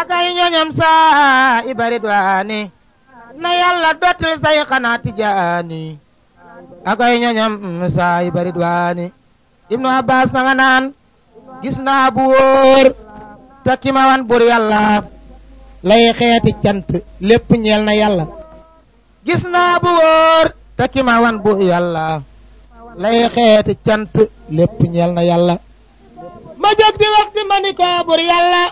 ak ay ñoñam i bari duwaani na yàlla dottil say xanaa tijaani ak ay ñoñam saa i bari duwaani ibnu abbas na nga naan gis naa bu wóor te ki wan bur yàlla lay xeeti cant lépp ñeel na yàlla gis naa bu wóor te ki wan bur yàlla lay xeeti cant lépp ñeel na yàlla ma jóg di waxtu ma ni ko bur yàlla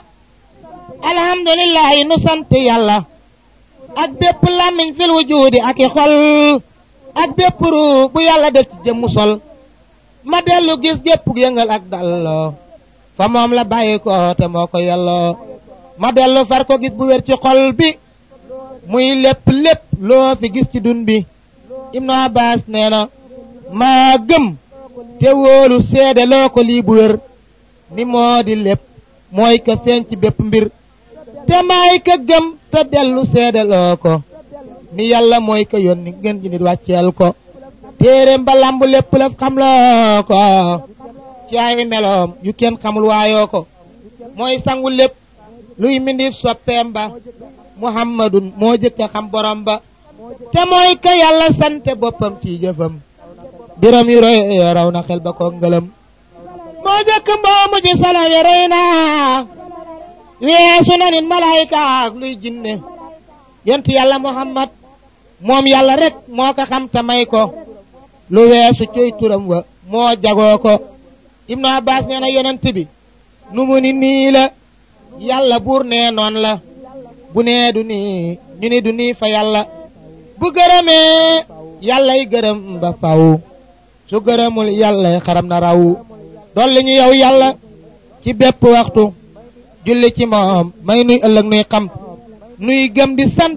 alhamdulillahi nu sant yàlla ak bépp làmmiñ fil wujuudi ak i xol ak bépp ruu bu yàlla def ci jëmmu sol ma dellu gis gépp yëngal ak dalloo fa moom la bàyyi ko te moo ko yelloo ma dellu far ko gis bu wér ci xol bi muy lépp lépp loo fi gis ci dun bi Ibnu Abbas nee na maa gëm te wóolu seede loo ko lii bu wér mi moo di lépp mooy ka feeñ ci bépp mbir te maay ka gëm te dellu seedaloo ko ni yàlla mooy ka yónni ngeen ji nit wàcceel ko téeréem ba lamb lépp la xamloo ko ci meloom yu kenn xamul waayoo ko mooy sangu lépp luy mindiif soppeem ba muhammadun moo jëkk xam borom ba te mooy ka yàlla sante boppam ci jëfam biram yu roy raw na xel ba ko ngëlëm moo jëkk mboo mujj solo wi rëy weesu na nit malaayka ak luy jinne yent yàlla muhammad moom yàlla rek moo ko xam te may ko lu weesu cey turam wa moo jagoo ko ibnu abbas nee na yonent bi nu mu ni nii la yàlla buur nee noon la bu nee du nii ñu ni du nii fa yàlla bu gërëmee yàllay gërëm ba faw su gërëmul yàllay xaram na raw dolli ñu yow yàlla ci bépp waxtu julli ci moom may nuy ëllëg nuy xam nuy gëm di sant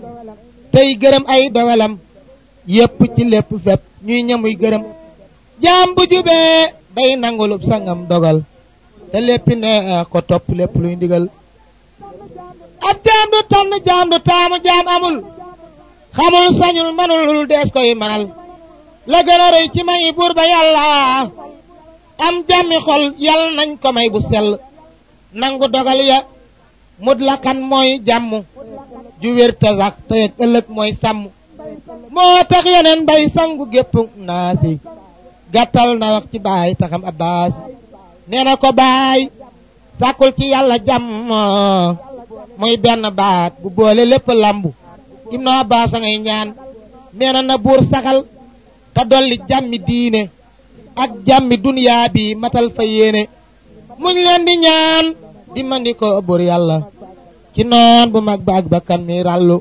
tey gërëm ay dogalam yépp ci lépp fépp ñuy ñamuy gërëm jaam bu jubee day nangulub sangam dogal te léppi ne ko topp lépp luy ndigal ab jaam du tànn jaam du taamu jaam amul xamul sañul manul dees koy manal la gën a ci may buur ba yàlla am jàmmi xol yal nañ ko may bu sell nangu dogal ya mutlakan mooy jàmm ju wér te sax te yëg ëllëg mooy sàmm moo tax yeneen bay sangu gépp naa si na wax ci baay taxam abbaas nee na ko baay sàkkul ci yàlla jàmm muy benn baat bu boole lépp lambu ibnu abbaas a ngay ñaan nee na na buur saxal te dolli jàmmi diine ak jàmmi duniyaa bi matal fa yéene muñ leen di ñaan di mandikoo yàlla ci noon bu mag ba ak bakkan mi ràllu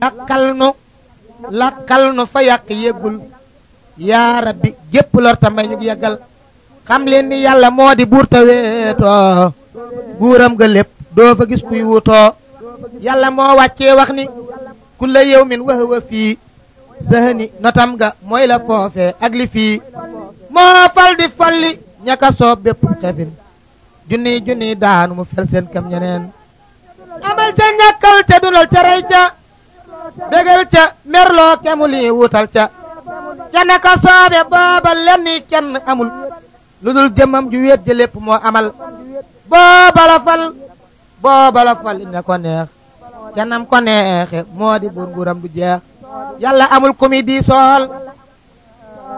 lakkal nu lakkal nu fa yàq yéggul yaa rabbi gépp lor ta may ñu yeggal xam leen ni yàlla moo di buur ta weetoo ga lépp doo fa gis kuy wutoo yàlla moo wàccee wax ni ku la yow min fii sëhëni notam ga mooy la foofe ak li fii moo fal di falli ñaka soob bépp xefin junniy junniy daanu mu fel seen kam ñeneen amal ca ñàkkal ca dulal ca rey ca bégal ca merloo wutal ca ca naka soobe booba lenni kenn amul lu dul ju wéet ji lépp moo amal booba la fal booba la fal ina ko neex ca ko neexe moo di buur du jeex yàlla amul ku mi di sool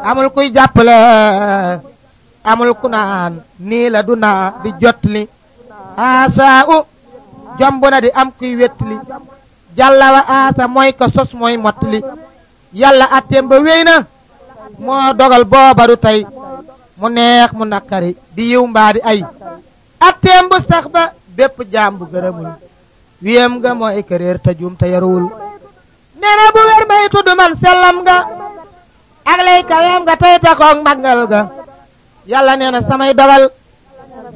amul kuy jàppale amul ku naan nii la du naa di jot li u jomb na di am kuy wettali jàlla wa aasa mooy ko sos mooy mottali yàlla atteem ba wéy na moo dogal booba du tey mu neex mu naqari di yiw mbaa di ay atteem bu sax ba bépp jaam bu gërëmul wiyam nga mooy këréer te juum te yaruwul nee na bu wér may tudd man sellam nga ak lay kaweem nga tey takoog màggal ga yàlla nee na samay dogal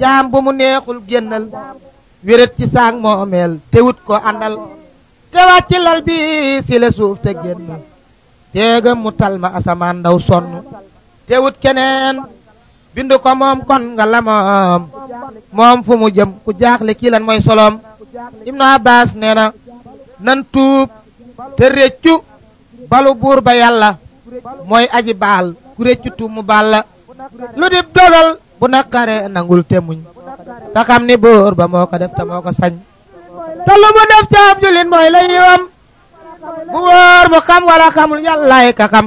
jaam bu mu neexul génnal wéret ci saang moomeel te wut ko àndal te ci lal bi si la te génn teega mu tal ma asamaan ndaw sonn te wut keneen bindu ko moom kon nga la moom fu mu jëm ku jaaxle kii lan mooy soloom Ibnu Abbas nee na nan tuub te réccu balu buur ba yàlla mooy aji baal ku réccu mu baal la lu dib dogal bu naqare nangul te muñ te xam ni buur ba moo ko def te moo ko sañ te mu def caab jullit mooy la yiwam bu wóor mu xam wala xamul yàllaay ka xam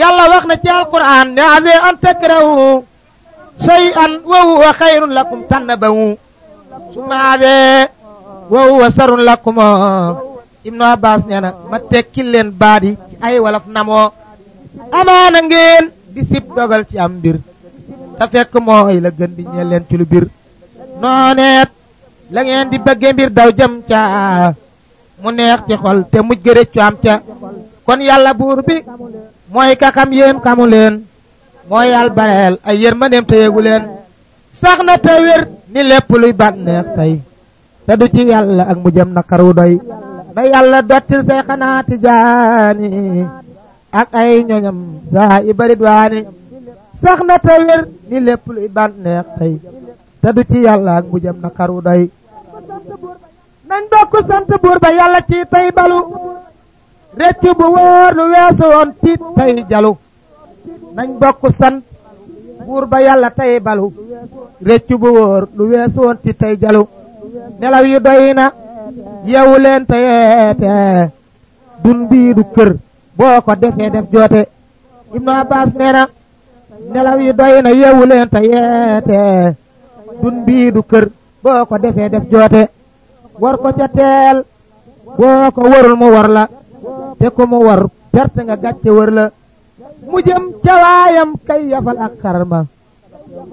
yàlla wax na ci alquran ne ase an takrahu shay an wa huwa xayrun lakum tannabahu summa ase wa huwa sarun ibnu abbas nee ma tekkil leen baat yi ci ay walaf namoo amaana ngeen di sib dogal ci am mbir te fekk mooy la gën bi ñeel leen ci lu bir nooneet la ngeen di bëgge mbir daw jëm ca mu neex ci xol te mujj gërëj cu ca kon yàlla buur bi mooy ka xam yéen xamu leen mooy yàlla bareel ay yërmandeem te yéegu leen sax na te ni lépp luy bànneex tey te du ci yàlla ak mujjam naqar wu doy na yàlla dottil say xanaati jaani ak ay ñoñam saa i barit waani sax na te wér ni lépp luy bànneex tey te du ci yàlla ak bu jëm na karu doy nañ bokk sant buur ba yàlla ci tey balu réccu bu wóor lu weesu woon ci tey jalu nañ bokk sant buur ba yàlla tey balu réccu bu wóor lu weesu woon ci tey jalu nelaw yu doy na yeewu te dun bii du kër boo ko defee def joote Ibnu Abbas nee na nelaw yi doy na yeewu leen te yeete dun bii kër boo ko defee def joote war ko ca teel boo ko warul mu war la te ku mu war perte nga gàcce wër la mu jëm ca waayam kay yafal ak xarma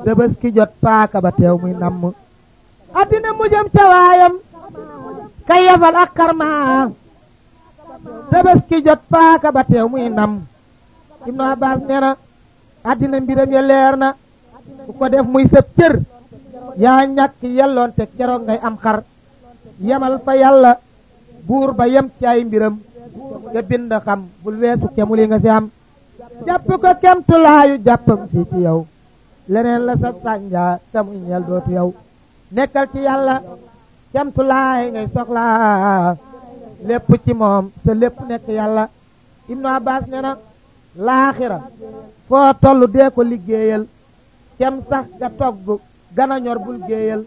dëbës ki jot paaka ba teew muy namm addina mu jëm ca waayam kay yafal ak xarma dëbës ki jot paaka ba teew muy namm Ibnu Abbas nee na àddina mbiram ya leer na ku ko def muy sëb cër yaa ñàkk yelloon te ngay am xar yemal fa yàlla buur ba yem ci ay mbiram nga bind xam bul weesu kemu li nga si am jàpp ko kemtulaayu jàppam fii ci yow leneen la sa sànja te muy ñeel dootu yow nekkal ci yàlla kemtulaay ngay soxlaa lépp ci moom sa lépp nekk yàlla Ibnu Abbas nee na laaxira foo toll dee ko liggéeyal cem sax nga togg gana ñor bul géeyal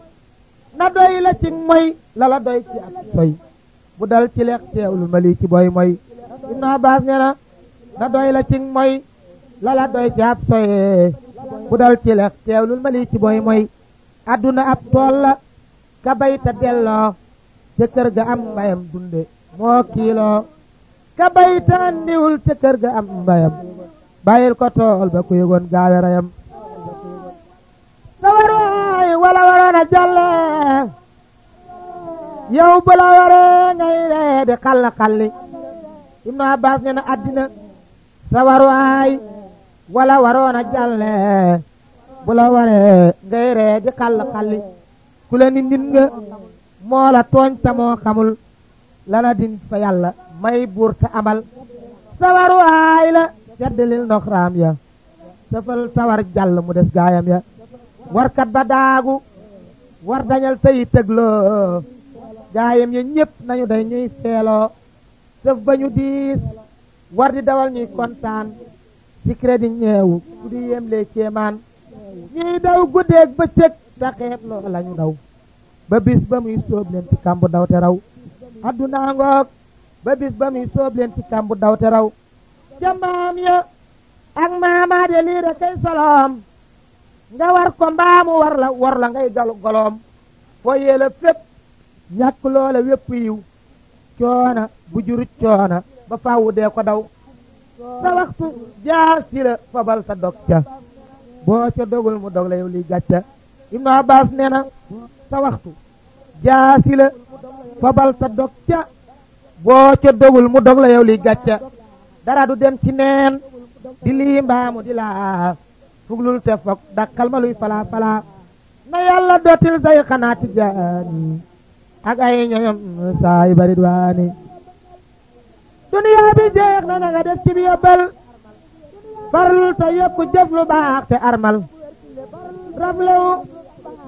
na doy la ci moy la la doy ci ab soy bu dal ci leex teewul mali ci boy moy Ibnu Abbas nee na doy la ci moy la la doy ci ab soy bu dal ci leex teewul mali ci boy moy adduna ab tool ka bay ta delloo ca kër ga am mbayam dunde moo kiiloo ka baytaan diwul ca kër ga am mbayam bàyyil ko tool ba ku yëgoon gaawe rayam sa waroy wala waroon a jàlle yow bu la waree ree di xalla xalli Ibnu Abbas nee na àddina sa waruwaay wala waroon a jàlle bu la waree ree di xalla xalli ku la ni ndin nga moo tooñ tamoo xamul lana din fa yàlla may buur te amal sawaru aay la seddalil noxraam ya sëfal sawar jàll mu des gaayam ya warkat ba daagu war dañal tey tëgloo gaayam ya ñépp nañu day ñuy feeloo sëf ba ñu diis war di dawal ñuy kontaan ci crédit ñeewu ku di yéemlee kéemaan ñuy daw guddeeg bëccëg te xeeb loo lañu daw ba bis ba muy sóob leen ci kàmbu daw te raw adduna ngoog ba bis ba muy soob leen ci kàmbu daw te raw ca maam ya ak maamaa de kay soloom nga war ko mbaamu war la war la ngay gol goloom foo yéela fépp ñàkk loola wépp yiw coona bu coona ba faawu dee ko daw sa waxtu jaar si la fabal sa dog ca boo ca dogul mu dog la yow liy gàcca Ibnu Abbas nee na sa waxtu jaasi la fabal ta dog boo ca dogul mu dog la yow li dara du dem ci neen di lii mbaamu di laa fuglul te fog dakkal ma falaa falaa na yàlla dootil say xanaati jaani ak ay ñoñom saay barit waani duniyaa jeex na nga def ci bi yóbbal farlul te yokku jëf lu baax te armal raflewu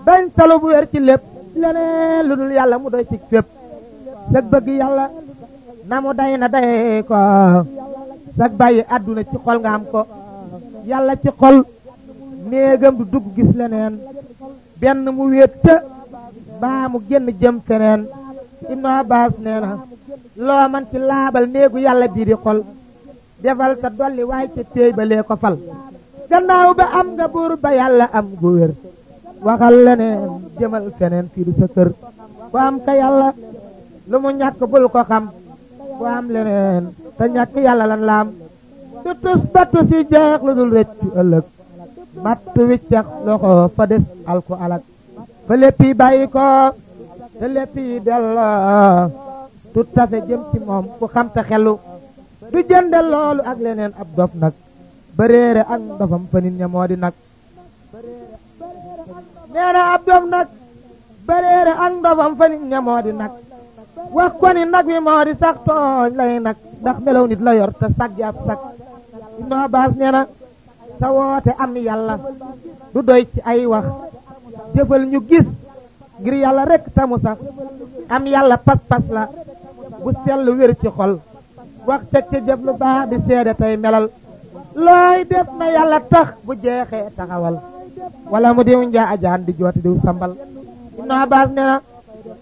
bañ talu bu wér ci lépp leneen lu dul yàlla mu doy ci fépp sag bëgg yàlla na mu day na day ko sag bàyyi àdduna ci xol nga am ko yàlla ci xol néegam du dugg gis leneen benn mu wéet ca mbaa mu génn jëm feneen Ibnu Abbas nee na loo ci laabal néegu yàlla bii di xol defal sa dolli waaye ca téey ba lee ko fal gannaaw ba am nga buur ba yàlla am gu wér waxal leneen jëmal feneen fii du sa kër am ka yàlla lu mu ñàkk bul ko xam ku am leneen te ñàkk yàlla lan laam du tus battu si jeex lu dul rëccu ëllëg matt wiccax loxo fa des al ko fa lépp yi bàyyi ko te lépp yi delloo tout ak leneen ab dof nag ba réere ak ndofam fa nit ña moo di nag nee na ab doom nag bëreere ak ndofam fa nit ña moo di nag wax ko ni nag wi moo di sax tooñ lay nag ndax melaw nit la yor te sag ji ab sag Ibnu Abbaas nee na sa woote am yàlla du doy ci ay wax jëfal ñu gis ngir yàlla rek tamu sax am yàlla pas-pas la bu sell wér ci xol wax teg ca jëf lu baax di seede tey melal looy def na yàlla tax bu jeexee taxawal wala mu diwuñ jaa ajaan di jooti diw sambal ibnu abbas ne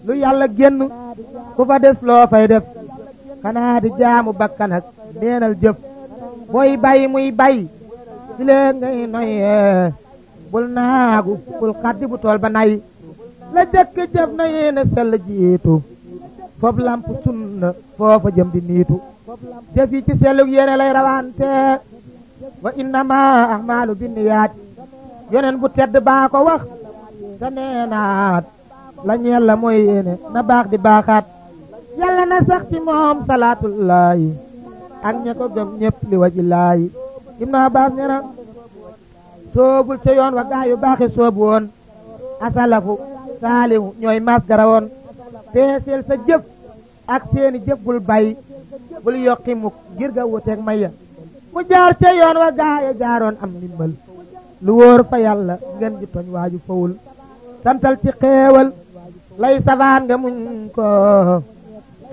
lu yàlla génn ku fa des loo fay def xanaa jaamu bakkan ak jëf booy bay muy bay si lee ngay noyee bul naagu bul xaddi bu tool ba nay la jëkk jëf na yéene sell jiitu foofu lamp sunna foofa jëm di niitu jëf yi ci sellug yéene lay rawante wa innama ahmaalu binniyaat yeneen bu tedd baa ko wax te nee la ñeel la mooy yéene na baax di baaxaat yàlla na sax ci moom salaatullaahi ak ña gëm ñëpp li waji laayi Ibnu Abbaas nee na soobul ca yoon wa gaa yu baaxi soobu woon asalafu saalihu ñooy mas gara woon peeseel sa jëf ak seeni jëf bul bay bul yokki mukk ngir ga wuteeg maya mu jaar ca yoon wa gaa ya jaaroon am ndimbal lu wóor fa yàlla ngeen di toñ waaju fawul santal ci xéewal lay safaan nga muñ ko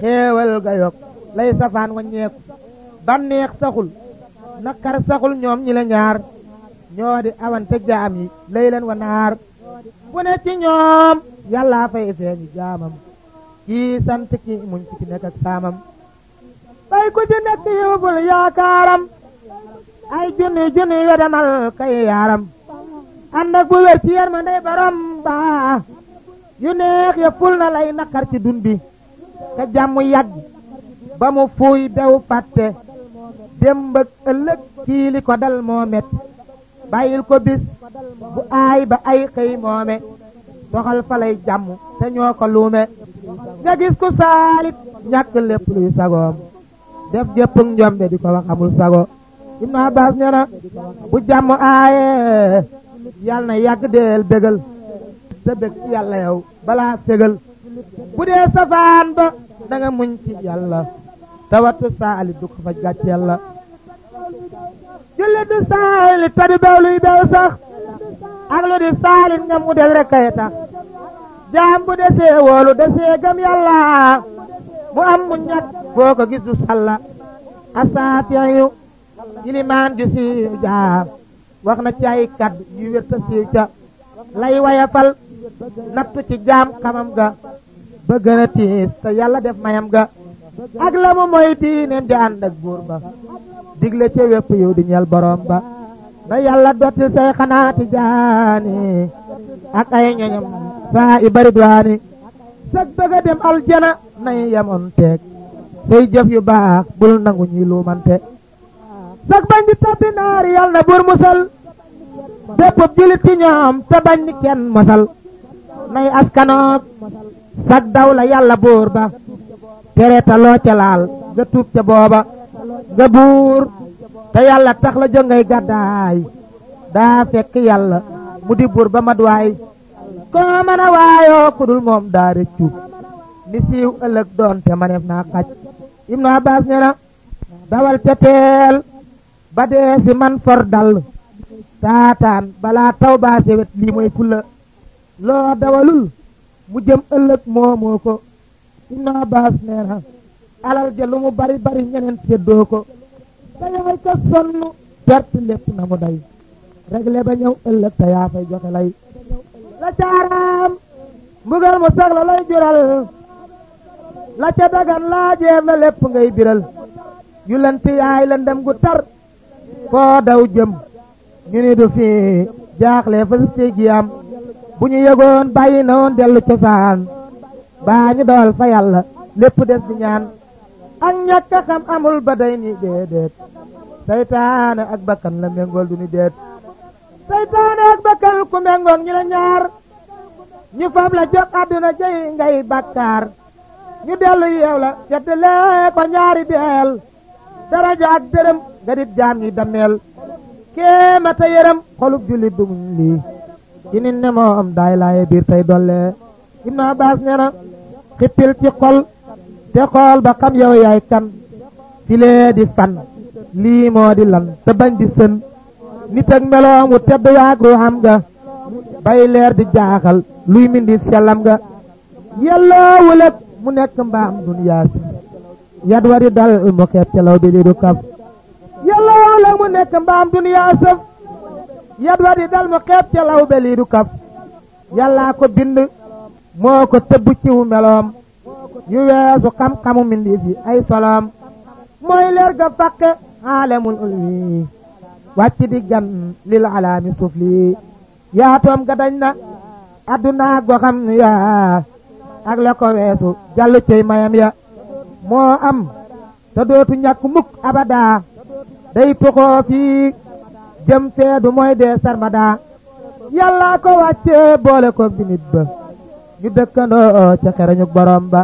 xéewal ga yokk lay safaan waññeeku banneex saxul nakar saxul ñoom ñi la ñaar ñoo di awante jaam yi lay leen wa naar bu ne ci ñoom yàllaa fay feeñu jaamam kii sant ki muñ ci nekk ak saamam bay ku ci nekk yóbbul yaakaaram ay junni junni yo kay yaaram ànd bu wér ci yar ma ndey borom baa yu neex ya ful na lay naqar ci dun bi te jàmm yàgg ba mu fuuy dew fàtte démb ëllëg kii ko dal moo metti bàyyil ko bis bu aay ba ay xëy moome doxal fa lay jàmm te ñoo ko luume nga gis ku saalit ñàkk lépp luy sagoom def jëpp njombe di ko wax amul sago Ibnu Abbaas nee na bu jàmm aaye yàlla na yàgg deel bégal sa bég ci yàlla balaa ségal bu dee safaan ba da nga muñ ci yàlla tawatu saali du ko fa gàcc julli du saali ta di bew luy bew sax ak lu di saalin nga mu del rek jaam bu desee woolu desee gëm yàlla mu am mu ñàkk foo ko gis du sàlla asaatiyu ilimaan di siiw jaam wax na ci ay kàddu yu wér ta siiw ca lay wayafal nattu ci jaam xamam ga ba gën tiis te yàlla def mayam ga ak la mu moy tiineem di ànd ak buur ba digle ca wépp yow di ñel borom ba na yàlla dotti say xanaati jaani ak ay ñoñam saa i bari duwaani sag dem aljana nay yamoon teeg say jëf yu baax bul nangu ñuy luumante sag bañ di tabbi naar yal na buur musal bépp jullit ci ñoom te bañ ni kenn mosal nay askanoog sag daw la yàlla buur ba tere ta loo ca laal nga tuub ca booba nga buur te yàlla tax la jóg ngay gàddaay daa fekk yàlla mu di buur ba mat waay koo mën waayoo ku moom daa rëccu ni siiw ëllëg doon te maneef naa xaj Ibnu Abbaas nee na dawal te teel ba dee si man for dal taataan balaa taw baa sewet lii mooy fulla loo dawalul mu jëm ëllëg moomoo ko inna baas nee na alal ja lu mu bari bari ñeneen séddoo ko te yaay ko sonn perte lépp na mu day réglé ba ñëw ëllëg te yaa fay joxe lay la ca araam mbugal mu sax la lay jural la ca dagan laa jeem la lépp ngay biral yu lënt yaay lëndëm gu tar foo daw jëm ñu ni du fii jaaxle fa si jiyam bu ñu yëgoon bàyyi na woon dellu cosaan baa ñu dool fa yàlla lépp des di ñaan ak ñàkk a xam amul ba day ni déedéet saytaane ak bakkan méngool du déet saytaane ak bakkan ku méngoog ñu la ñaar ñu fab la jox àdduna jëy ngay bakkaar ñu dellu yeew la settalee ko ñaari deel daraja ak dërëm nga dit jaam yi dammeel kéema te yërëm xolub jullit du muñ lii ci nit ne moo am daay laaye biir tey dolle Ibnu Abbaas nee na xippil ci xol te xool ba xam yow yaay kan filee di fan lii moo di lan te bañ di sën nit ak meloom wu tedd yaag ruuxam bay leer di jaaxal luy mindi sellam nga yelloo wulëg mu nekk mbaam dun yaasi yat wari dal mu xeeb te law bi kaf yàlla woo la nekk mbaam duniyaa sëf yat wari dal mu xeeb te law bi li du kaf ko bind moo ko tëbb ciw meloom yu weesu xam-xamu mbindeef yi ay soloom mooy leer ga fàqe aalamul ulwi wàcc di gan lil alaami suuf lii yaatoom ga dañ na addunaa go xam ya ak la ko weesu jàll cey mayam ya moo am te dootu ñàkk mukk abada day tuxoo fii jëm fee du dee sarmada yàllaa ko wàcce boole koog bi nit ba ñu dëkkandoo ca xerañu borom ba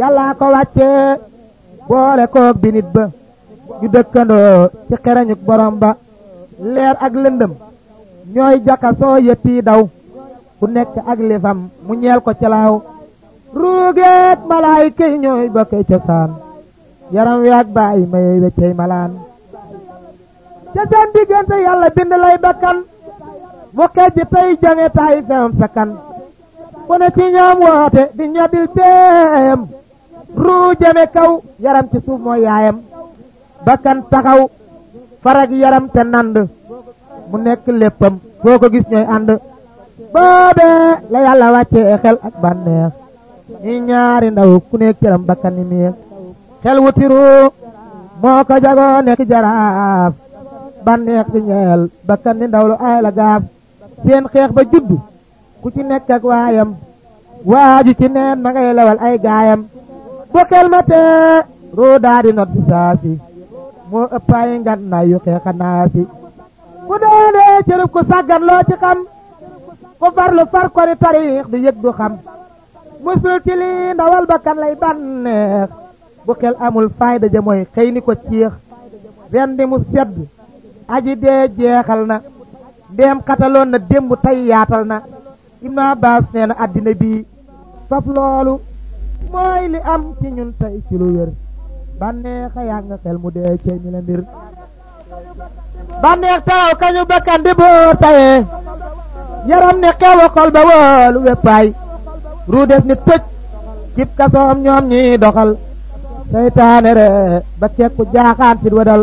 yàllaa ko wàcce boole koog bi nit ñu dëkkandoo ci xerañu borom ba leer ak lëndëm ñooy jakasoo yëppi daw ku nekk ak lifam mu ñeel ko ci laaw ruugeet malaayka yi ñooy bokkee cosaan yaram wi ak bàyyi mayey weccey malaan ca seen diggante yàlla bind lay bakkan mu xejj tey jange tay fewam sakkan ku ne ci ñoom woote di ñoddi teeyam ruu jame kaw yaram ci suuf mooy yaayam bakkan taxaw farag yaram te nand mu nekk léppam foo ko gis ñooy ànd boobee la yàlla wàccee xel ak bànneex ñi ñaari ndaw ku nekk cëram bakkan ni miir xel wu tiru moo ko jagoo nekk jaraaf banneex di ñeel bakkan ndaw lu ay la gaaf seen xeex ba judd ku ci nekk ak waayam waaju ci neen ma ngay lawal ay gaayam bu xel ma tee roo daa di not bi saasi moo ëpp ay ngànnaay yu xeex naasi ku doonee cërub ku sàggan loo ci xam ku farlu far ko ni tariix di yëg du xam musul ci lii ndawal bakkan lay bànneex bu xel amul fayda ja mooy xëy ni ko ciix rendi mu sedd aji dee jeexal na ndeem xataloon na démb tey yaatal na Ibnu Abbaas nee na àddina bii faf loolu mooy li am ci ñun tey ci lu wér bànneex a yàng xel mu dee cey mi la mbir bànneex kañu bakkan di boo tayee yaram ne xew a xol ba woolu weppaay ruu def ni toj cib kasoom ñoom ñi doxal seytaane re ba kekku jaaxaan fit wadal